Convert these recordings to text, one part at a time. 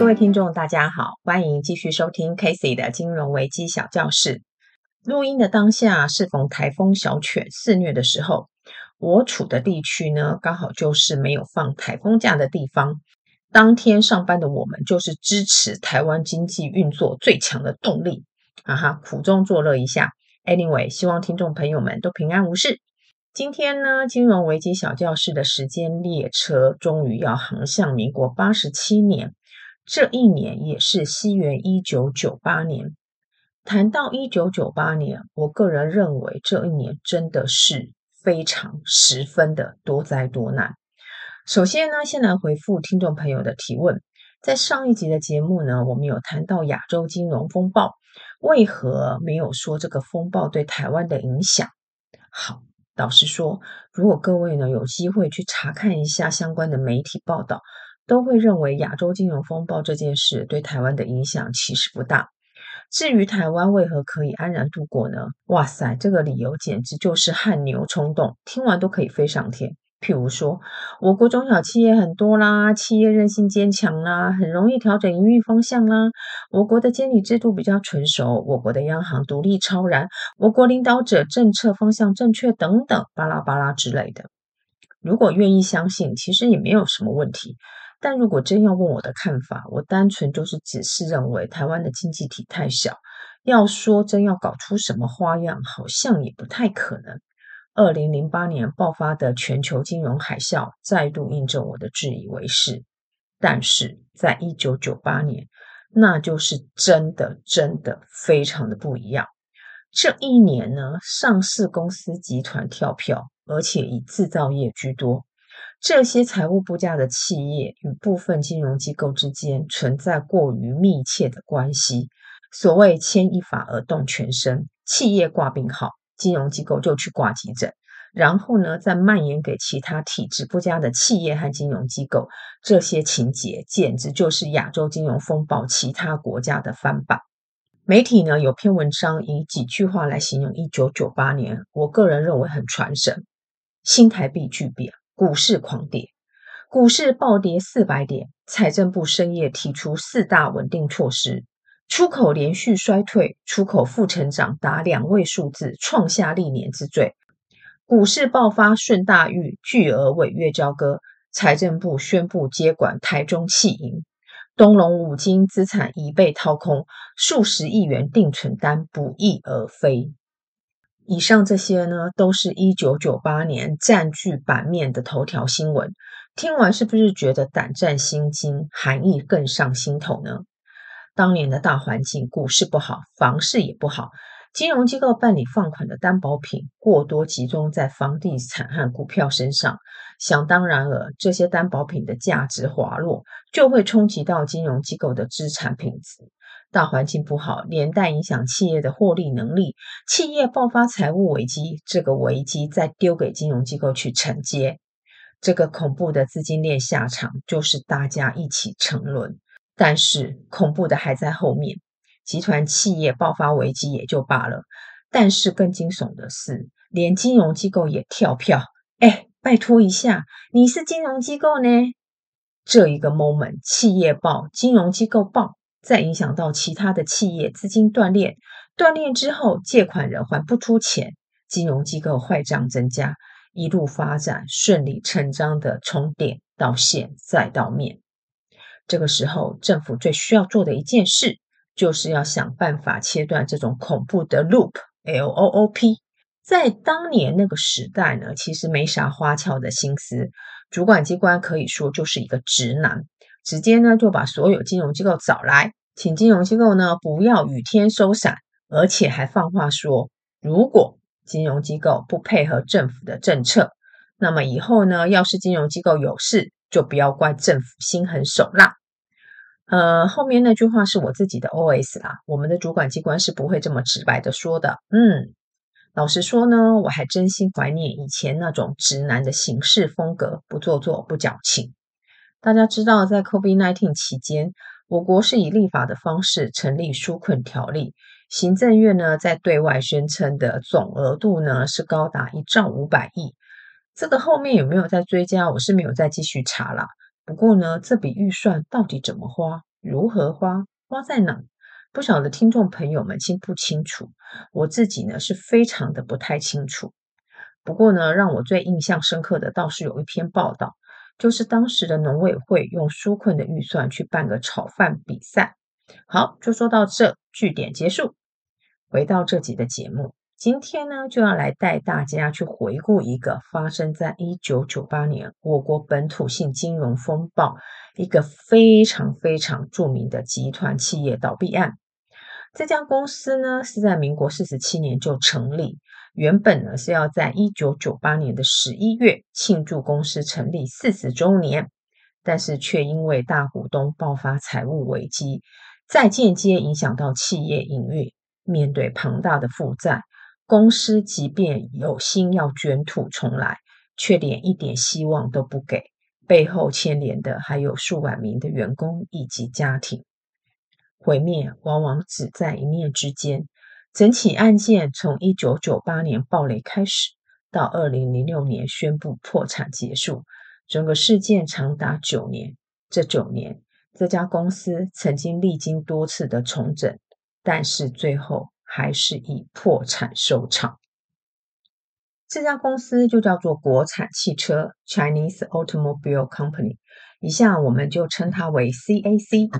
各位聽眾，大家好，歡迎繼續收聽 Casey 的金融危機小教室。錄音的當下適逢台風小犬肆虐的時候，我處的地區呢剛好就是沒有放台風假的地方。當天上班的我們就是支持台灣經濟運作最強的動力，啊哈，苦中作樂一下。Anyway，希望聽眾朋友們都平安無事。今天呢，金融危機小教室的時間列車終於要航向民國八十七年。這一年也是西元一九九八年。談到一九九八年，我個人認為這一年真的是非常十分的多災多難。首先呢，先來回覆聽眾朋友的提問。在上一集的節目呢，我們有談到亞洲金融風暴，為何沒有說這個風暴對台灣的影響？好，老實說，如果各位呢有機會去查看一下相關的媒體報道。都會認為亞洲金融風暴這件事對台灣的影響其實不大。至於台灣為何可以安然度過呢？哇塞，這個理由簡直就是汗牛充棟，聽完都可以飛上天。譬如說，我國中小企業很多啦，企業韌性堅強啦，很容易調整營運方向啦。我國的監理制度比較成熟，我國的央行獨立超然，我國領導者政策方向正確等等，巴拉巴拉之類的。如果願意相信，其實也沒有什麼問題。但如果真要問我的看法，我單純就是只是認為台灣的經濟體太小，要說真要搞出什麼花樣，好像也不太可能。二零零八年爆發的全球金融海嘯，再度印證我的自以為是。但是在一九九八年，那就是真的真的非常的不一樣。這一年呢，上市公司集團跳票，而且以製造業居多。這些財務不佳的企業與部分金融機構之間存在過於密切的關係。所謂牽一髮而動全身，企業掛病號，金融機構就去掛急診，然後呢，再蔓延給其他體質不佳的企業和金融機構。這些情節簡直就是亞洲金融風暴其他國家的翻版。媒體呢，有篇文章以幾句話來形容一九九八年，我個人認為很傳神：新台幣巨變。股市狂跌，股市暴跌四百點。財政部深夜提出四大穩定措施。出口連續衰退，出口負成長達兩位數字，創下歷年之最。股市爆發順大裕巨額違約交割，財政部宣布接管台中企銀，東隆五金資產已被掏空，數十億元定存單不翼而飛。以上這些呢，都是一九九八年佔據版面的頭條新聞。聽完是不是覺得膽戰心驚，寒意更上心頭呢？當年的大環境，股市不好，房市也不好，金融機構辦理放款的擔保品過多集中在房地產和股票身上，想當然了，這些擔保品的價值滑落，就會衝擊到金融機構的資產品質。大環境不好，連帶影響企業的獲利能力，企業爆發財務危機，這個危機再丟給金融機構去承接，這個恐怖的資金鏈下場就是大家一起沉淪。但是恐怖的還在後面，集團企業爆發危機也就罷了，但是更驚悚的是，連金融機構也跳票。誒、哎、拜託一下，你是金融機構呢？這一個 moment，企業爆，金融機構爆。再影響到其他的企業，資金斷裂，斷裂之後借款人還不出錢，金融機構壞賬增加，一路發展順理成章的從點到線再到面。這個時候，政府最需要做的一件事，就是要想辦法切斷這種恐怖的 loop（L O O P）。在當年那個時代呢，其實沒啥花俏的心思，主管機關可以說就是一個直男。直接呢就把所有金融機構找來，請金融機構呢不要雨天收傘，而且還放話說，如果金融機構不配合政府的政策，那麼以後呢要是金融機構有事，就不要怪政府心狠手辣。呃，後面那句話是我自己的 OS 啦，我們的主管機關是不會這麼直白的說的。嗯，老實說呢，我還真心懷念以前那種直男的行事風格，不做作，不矯情。大家知道在，在 COVID-19 期間，我國是以立法的方式成立紓困條例。行政院呢，在對外宣稱的總額度呢，是高達一兆五百億。這個後面有沒有再追加，我是沒有再繼續查了。不過呢，這筆預算到底怎麼花，如何花，花在哪，不少的聽眾朋友們清不清楚？我自己呢，是非常的不太清楚。不過呢，讓我最印象深刻的，倒是有一篇報道。就是當時的農委會用紓困的預算去辦個炒飯比賽，好，就說到這，據點結束。回到這集的節目，今天呢就要來帶大家去回顧一個發生在一九九八年我國本土性金融風暴，一個非常非常著名的集團企業倒閉案。這家公司呢，是在民國四十七年就成立。原本呢是要在一九九八年的十一月慶祝公司成立四十週年，但是卻因為大股東爆發財務危機，再間接影響到企業營運，面對龐大的負債，公司即便有心要卷土重來，卻連一點希望都不給。背後牽連的還有數萬名的員工以及家庭。毀滅往往只在一念之間。整起案件從一九九八年暴雷開始，到二零零六年宣佈破產結束，整個事件長達九年。這九年，這家公司曾經歷經多次的重整，但是最後還是以破產收場。這家公司就叫做國產汽車 （Chinese Automobile Company），以下我們就稱它為 CAC。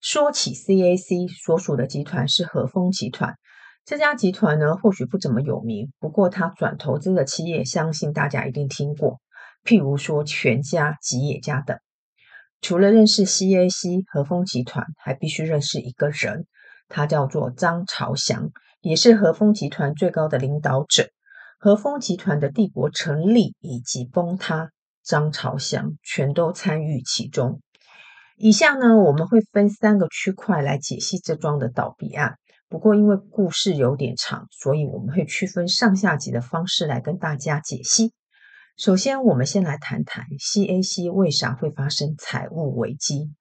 說起 CAC 所屬的集團是和風集團。這家集團呢，或許不怎麼有名，不過他轉投資的企業，相信大家一定聽過，譬如說全家、吉野家等。除了認識 CAC 禾豐集團，還必須認識一個人，他叫做張朝翔，也是禾豐集團最高的領導者。禾豐集團的帝國成立以及崩塌，張朝翔全都參與其中。以下呢，我們會分三個區塊來解析這樁的倒閉案。不過，因為故事有點長，所以我們會區分上下集的方式來跟大家解析。首先，我們先來談談 C A C 為啥會發生財務危機。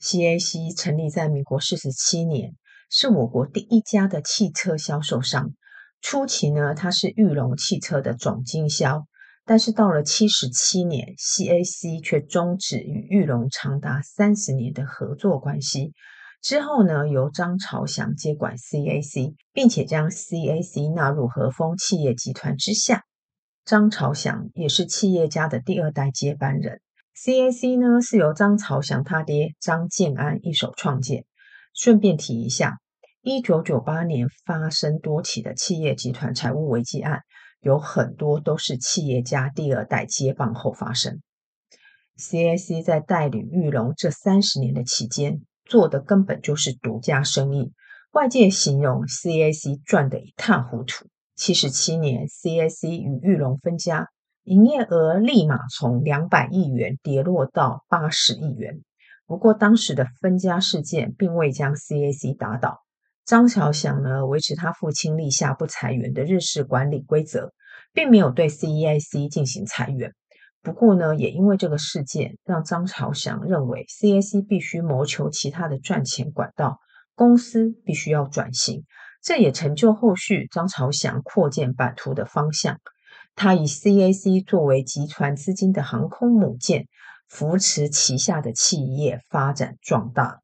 C A C 成立在民國四十七年，是我國第一家的汽車銷售商。初期呢，它是裕隆汽車的總經銷，但是到了七十七年，C A C 卻終止與裕隆長達三十年的合作關係。之後呢，由張朝祥接管 CAC，並且將 CAC 納入和豐企業集團之下。張朝祥也是企業家的第二代接班人。CAC 呢，是由張朝祥他爹張建安一手創建。順便提一下，一九九八年發生多起的企業集團財務危機案，有很多都是企業家第二代接棒後發生。CAC 在代理裕隆這三十年的期間。做的根本就是獨家生意，外界形容 CAC 賺得一塌糊塗。七十七年 CAC 與裕隆分家，營業額立馬從兩百億元跌落到八十億元。不過，當時的分家事件並未將 CAC 打倒。張小祥呢，維持他父親立下不裁員的日式管理規則，並沒有對 CAC 進行裁員。不過呢，也因為這個事件，讓張朝祥認為 CAC 必須謀求其他的賺錢管道，公司必須要轉型。這也成就後續張朝祥擴建版圖的方向。他以 CAC 作為集團資金的航空母艦，扶持旗下的企業發展壯大。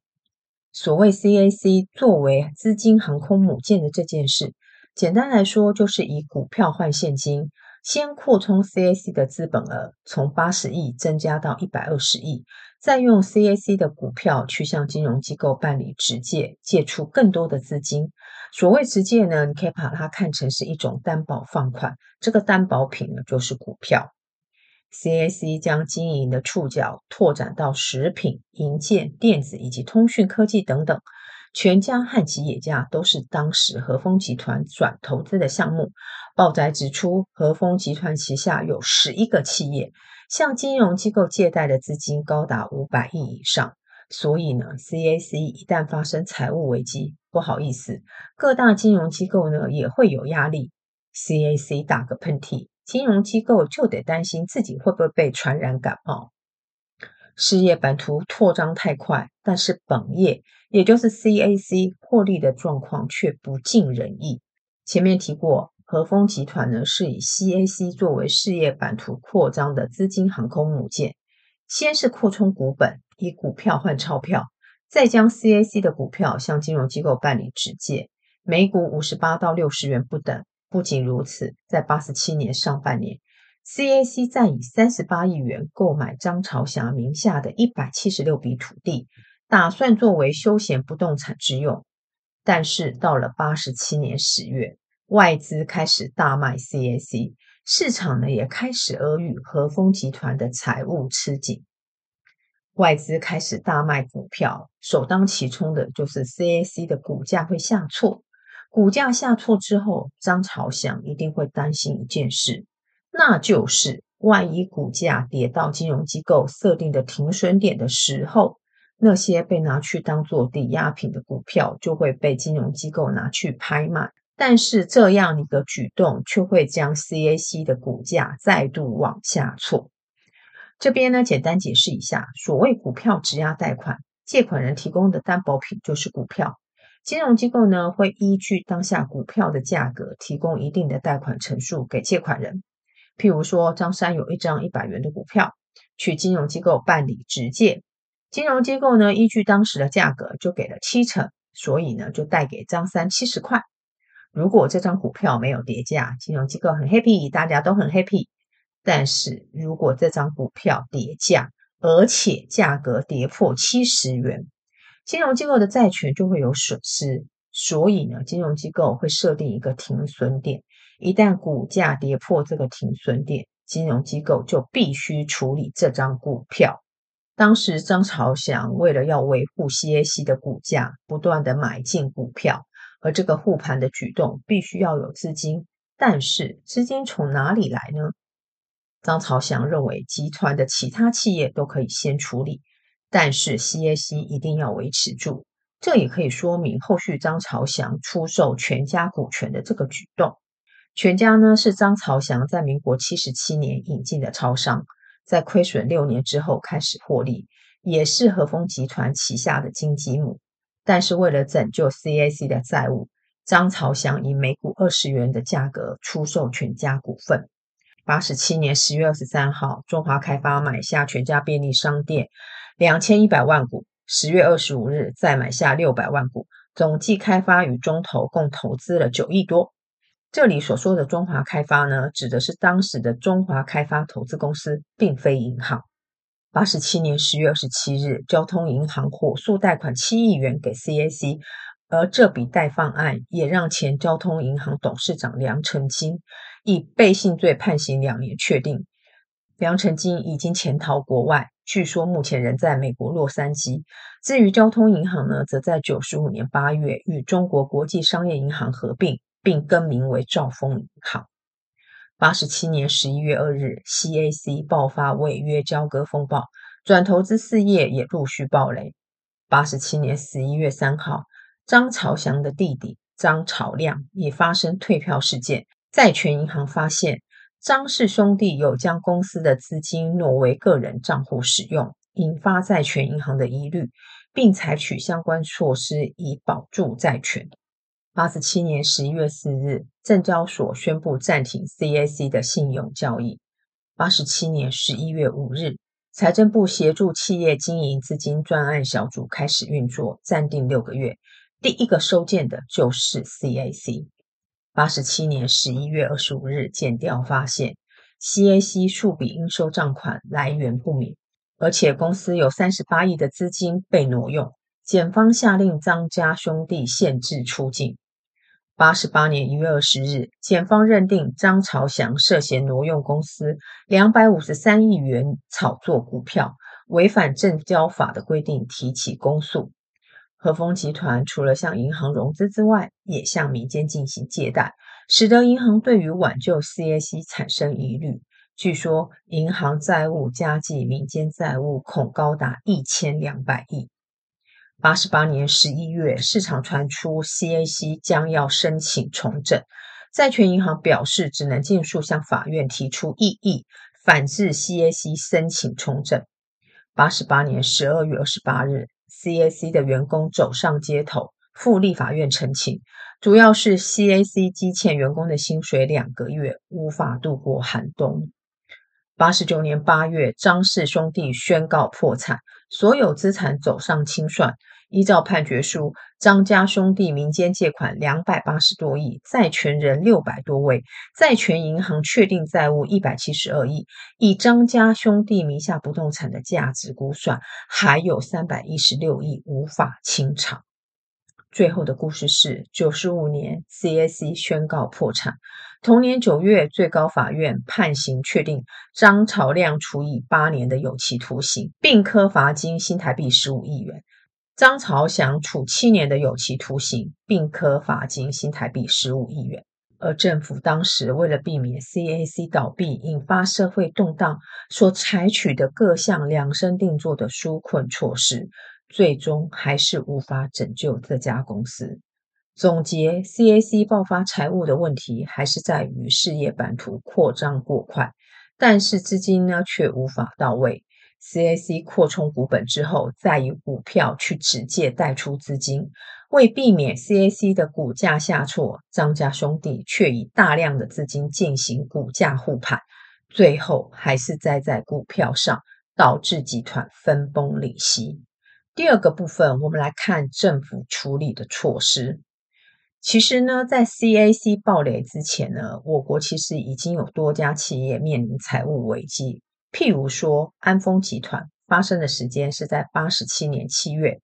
所謂 CAC 作為資金航空母艦的這件事，簡單來說就是以股票換現金。先擴充 CAC 的資本額，從八十億增加到一百二十億，再用 CAC 的股票去向金融機構辦理質借，借出更多的資金。所謂質借呢，你可以把它看成是一種擔保放款，這個擔保品呢，就是股票。CAC 將經營的觸角拓展到食品、營建、電子以及通訊科技等等。全家和吉野家都是當時禾豐集團轉投資的項目。報載指出，和豐集團旗下有十一個企業向金融機構借貸的資金高達五百億以上，所以呢，C A C 一旦發生財務危機，不好意思，各大金融機構呢也會有壓力。C A C 打個噴嚏，金融機構就得擔心自己會不會被傳染感冒。事業版圖擴張太快，但是本業也就是 C A C 獲利的狀況卻不盡人意。前面提過。和風集團呢是以 C A C 作為事業版圖擴張的資金航空母艦，先是擴充股本，以股票換鈔票，再將 C A C 的股票向金融機構辦理質借，每股五十八到六十元不等。不僅如此，在八十七年上半年，C A C 再以三十八億元購買張朝霞名下的一百七十六筆土地，打算作為休閒不動產之用。但是到了八十七年十月。外資開始大賣 C A C，市場呢也開始耳語和風集團的財務吃緊。外資開始大賣股票，首當其衝的就是 C A C 的股價會下挫。股價下挫之後，張朝祥一定會擔心一件事，那就是萬一股價跌到金融機構設定的停損點的時候，那些被拿去當做抵押品的股票就會被金融機構拿去拍賣。但是這樣一個舉動卻會將 CAC 的股價再度往下挫。這邊呢，簡單解釋一下：所謂股票質押貸款，借款人提供的擔保品就是股票。金融機構呢，會依據當下股票的價格，提供一定的貸款成數給借款人。譬如說，張三有一張一百元的股票，去金融機構辦理直借。金融機構呢，依據當時的價格，就給了七成，所以呢，就貸給張三七十塊。如果這張股票沒有跌價，金融機構很 happy，大家都很 happy。但是如果這張股票跌價，而且價格跌破七十元，金融機構的債權就會有損失。所以呢，金融機構會設定一個停損點，一旦股價跌破這個停損點，金融機構就必須處理這張股票。當時張朝祥為了要維護 CAC 的股價，不斷的買進股票。而這個護盤的舉動必須要有資金，但是資金從哪裡來呢？張朝祥認為集團的其他企業都可以先處理，但是 CAC 一定要維持住。這也可以說明後續張朝祥出售全家股權的這個舉動。全家呢是張朝祥在民國七十七年引進的超商，在虧損六年之後開始獲利，也是和豐集團旗下的金雞母。但是為了拯救 CAC 的債務，張朝祥以每股二十元的價格出售全家股份。八十七年十月二十三號，中華開發買下全家便利商店兩千一百萬股；十月二十五日，再買下六百萬股，總計開發與中投共投資了九億多。這裡所說的中華開發呢，指的是當時的中華開發投資公司，並非銀行。八十七年十月二十七日，交通銀行火速貸款七億元給 CAC，而這筆貸放案也讓前交通銀行董事長梁成金以背信罪判刑兩年確定。梁成金已經潛逃國外，據說目前人在美國洛杉磯。至於交通銀行呢，則在九十五年八月與中國國際商業銀行合併，並更名為兆豐銀行。八十七年十一月二日，CAC 爆發違約交割風暴，轉投資事業也陸續暴雷。八十七年十一月三號，張朝祥的弟弟張朝亮也發生退票事件。債權銀行發現張氏兄弟有將公司的資金挪為個人賬戶使用，引發債權銀行的疑慮，並採取相關措施以保住債權。八十七年十一月四日，證交所宣布暫停 CAC 的信用交易。八十七年十一月五日，財政部協助企業經營資金專案小組開始運作，暫定六個月。第一個收件的就是 CAC。八十七年十一月二十五日，檢調發現 CAC 數筆應收賬款來源不明，而且公司有三十八億的資金被挪用，檢方下令張家兄弟限制出境。八十八年一月二十日，檢方認定張朝翔涉嫌挪用公司兩百五十三億元炒作股票，違反證交法的規定，提起公訴。和豐集團除了向銀行融資之外，也向民間進行借貸，使得銀行對於挽救 CAC 產生疑慮。據說，銀行債務加計民間債務恐高達一千兩百億。八十八年十一月，市場傳出 CAC 將要申請重整，債權銀行表示只能盡速向法院提出異議，反制 CAC 申請重整。八十八年十二月二十八日，CAC 的員工走上街頭，赴立法院陳情，主要是 CAC 積欠員工的薪水兩個月，無法度過寒冬。八十九年八月，張氏兄弟宣告破產，所有資產走上清算。依照判決書，張家兄弟民間借款，兩百八十多億，債權人六百多位，債權銀行確定債務一百七十二億，以張家兄弟名下不動產的價值估算，還有三百一十六億無法清償。最後的故事是，九十五年 CAC 宣告破產，同年九月最高法院判刑確定張朝亮處以八年的有期徒刑，並科罰金新台幣十五億元。.張朝祥處七年的有期徒刑，併科罰金新台幣十五億元。而政府當時為了避免 CAC 倒閉引發社會動盪，所採取的各項量身定做的紓困措施，最終還是無法拯救這家公司。總結，CAC 爆發財務的問題，還是在於事業版圖擴張過快，但是資金呢卻無法到位。C A C 擴充股本之後，再以股票去指借貸出資金，為避免 C A C 的股價下挫，張家兄弟卻以大量的資金進行股價護盤，最後還是栽在股票上，導致集團分崩離析。第二個部分，我們來看政府處理的措施。其實呢，在 C A C 爆雷之前呢，我國其實已經有多家企業面臨財務危機。譬如說，安鋒集團發生的時間是在八十七年七月，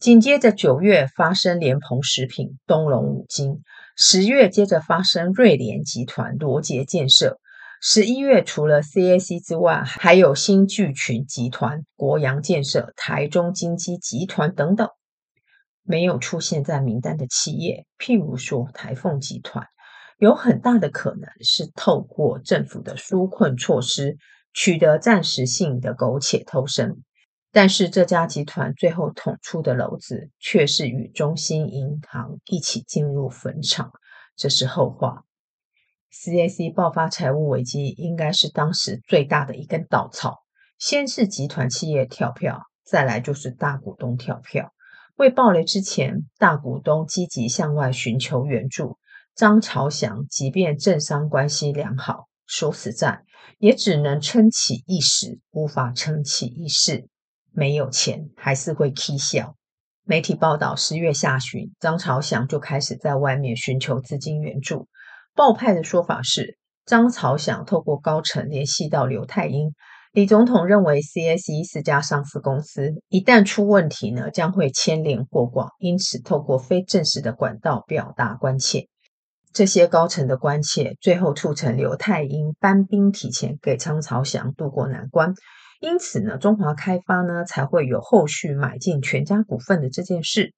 緊接着九月發生聯蓬食品、東隆五金，十月接着發生瑞聯集團、羅杰建設，十一月除了 CAC 之外，還有新巨群集團、國揚建設、台中精機集團等等。沒有出現在名單的企業，譬如說台鳳集團，有很大的可能是透過政府的紓困措施。取得暫時性的苟且偷生，但是這家集團最後捅出的簍子，卻是與中興銀行一起進入墳場。這是後話。CAC 爆發財務危機，應該是當時最大的一根稻草。先是集團企業跳票，再來就是大股東跳票。未爆雷之前，大股東積極向外尋求援助。張朝祥即便政商關係良好。殊死戰，也只能撐起一時，無法撐起一世。沒有錢，還是會踢笑。媒體報道，十月下旬，張朝祥就開始在外面尋求資金援助。報派的說法是，張朝祥透過高層聯繫到劉泰英。李總統認為，CSE 是家上市公司，一旦出問題呢，將會牽連過廣，因此透過非正式的管道表達關切。這些高層的關切，最後促成劉泰英搬兵提前給張朝祥渡過難關。因此呢，中華開發呢才會有後續買進全家股份的這件事。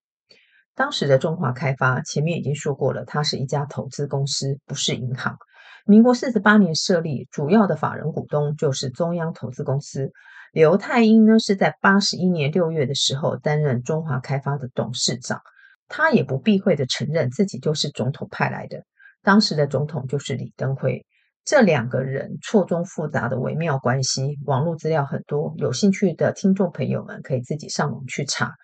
當時的中華開發前面已經說過了，它是一家投資公司，不是銀行。民國四十八年設立，主要的法人股東就是中央投資公司。劉泰英呢是在八十一年六月的時候擔任中華開發的董事長。他也不避諱的承認自己就是總統派來的，當時的總統就是李登輝。這兩個人錯綜複雜的微妙關係，網絡資料很多，有興趣的聽眾朋友們可以自己上網去查。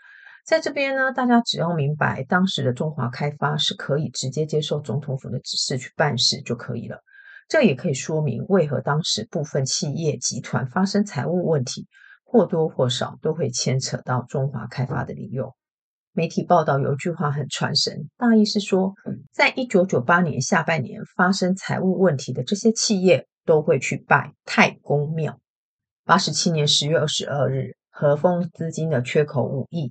在這邊呢，大家只要明白當時的中華開發是可以直接接受總統府的指示去辦事就可以了。這也可以說明為何當時部分企業集團發生財務問題，或多或少都會牽扯到中華開發的理由。媒體報道有一句話很傳神，大意是說，在一九九八年下半年發生財務問題的這些企業，都會去拜太公廟。八十七年十月二十二日，和豐資金的缺口五億；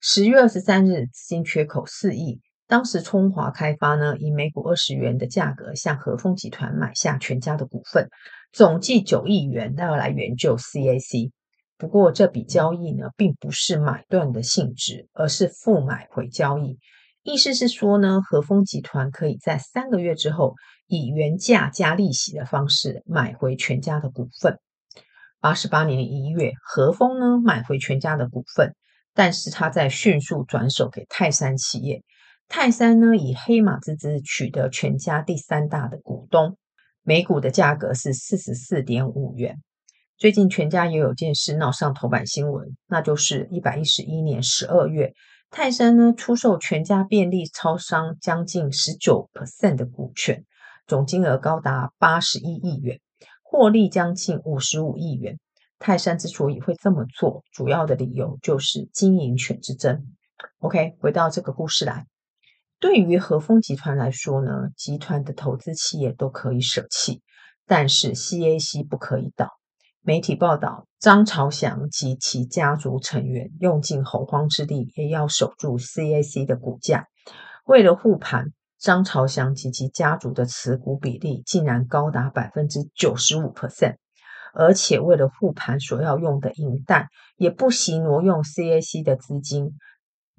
十月二十三日，資金缺口四億。當時中華開發呢，以每股二十元的價格向和豐集團買下全家的股份，總計九億元，那要來援救 CAC。不過這筆交易呢，並不是買斷的性質，而是附買回交易。意思是說呢，和風集團可以在三個月之後，以原價加利息的方式買回全家的股份。八十八年一月，和風呢買回全家的股份，但是他在迅速轉手給泰山企業。泰山呢以黑馬之姿取得全家第三大的股東，每股的價格是四十四點五元。最近全家也有件事鬧上頭版新聞，那就是一百一十一年十二月，泰山呢出售全家便利超商將近十九 percent 的股權，總金額高達八十一億元，獲利將近五十五億元。泰山之所以會這麼做，主要的理由就是經營權之爭。OK，回到這個故事來，對於和豐集團來說呢，集團的投資企業都可以捨棄，但是 CAC 不可以倒。媒體報道，張朝祥及其家族成員用盡洪荒之力，也要守住 CAC 的股價。為了護盤，張朝祥及其家族的持股比例竟然高達百分之九十五 percent，而且為了護盤所要用的銀彈，也不惜挪用 CAC 的資金，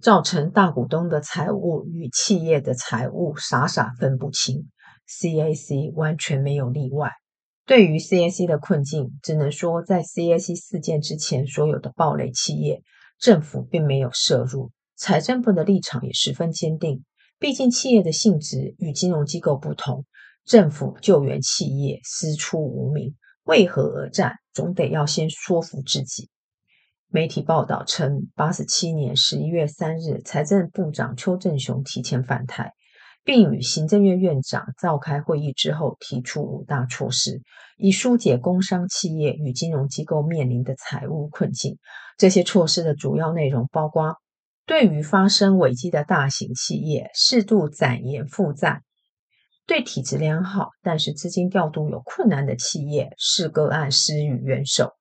造成大股東的財務與企業的財務傻傻分不清。CAC 完全沒有例外。對於 CAC 的困境，只能說在 CAC 事件之前，所有的暴雷企業，政府並沒有涉入。財政部的立場也十分堅定，畢竟企業的性質與金融機構不同，政府救援企業，師出無名，為何而戰？總得要先說服自己。媒體報道稱，八十七年十一月三日，財政部長邱正雄提前返台。並與行政院院長召開會議之後，提出五大措施，以疏解工商企業與金融機構面臨的財務困境。這些措施的主要內容包括：對於發生危機的大型企業適度展延負債；對體質良好但是資金調度有困難的企業視個案施予援手；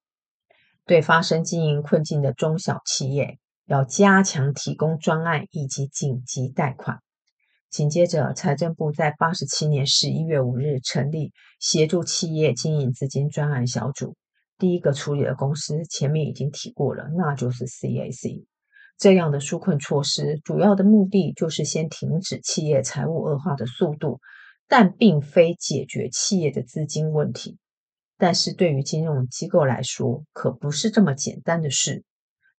對發生經營困境的中小企業，要加強提供專案以及緊急貸款。緊接着，財政部在八十七年十一月五日成立協助企業經營資金專案小組，第一個處理的公司前面已經提過了，那就是 CAC。這樣的紓困措施，主要的目的就是先停止企業財務惡化的速度，但並非解決企業的資金問題。但是對於金融機構來說，可不是這麼簡單的事。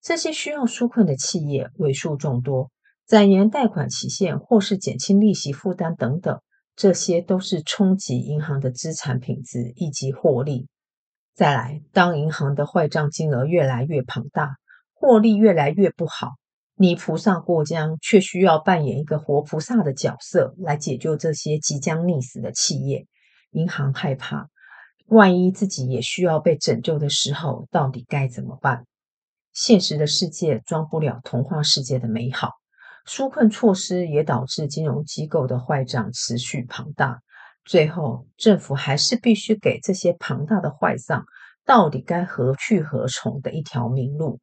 這些需要紓困的企業，為數眾多。展延貸款期限，或是減輕利息負擔等等，這些都是衝擊銀行的資產品質以及獲利。再來，當銀行的壞賬金額越來越龐大，獲利越來越不好，泥菩薩過江卻需要扮演一個活菩薩的角色來解救這些即將溺死的企業，銀行害怕，萬一自己也需要被拯救的時候，到底該怎麼辦？現實的世界裝不了童話世界的美好。紓困措施也導致金融機構的壞賬持續龐大，最後政府還是必須給這些龐大的壞賬到底該何去何從的一條明路。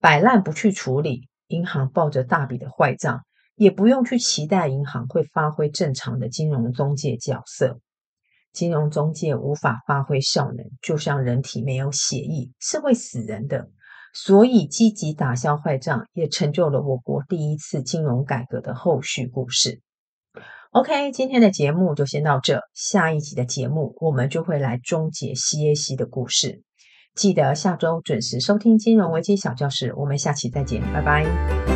擺爛不去處理，銀行抱着大筆的壞賬，也不用去期待銀行會發揮正常的金融中介角色。金融中介無法發揮效能，就像人體沒有血液，是會死人的。所以積極打消壞賬，也成就了我國第一次金融改革的後續故事。OK，今天的節目就先到這，下一集的節目我們就會來終結 CAC 的故事。記得下周準時收聽金融危機小教室，我們下期再見，拜拜。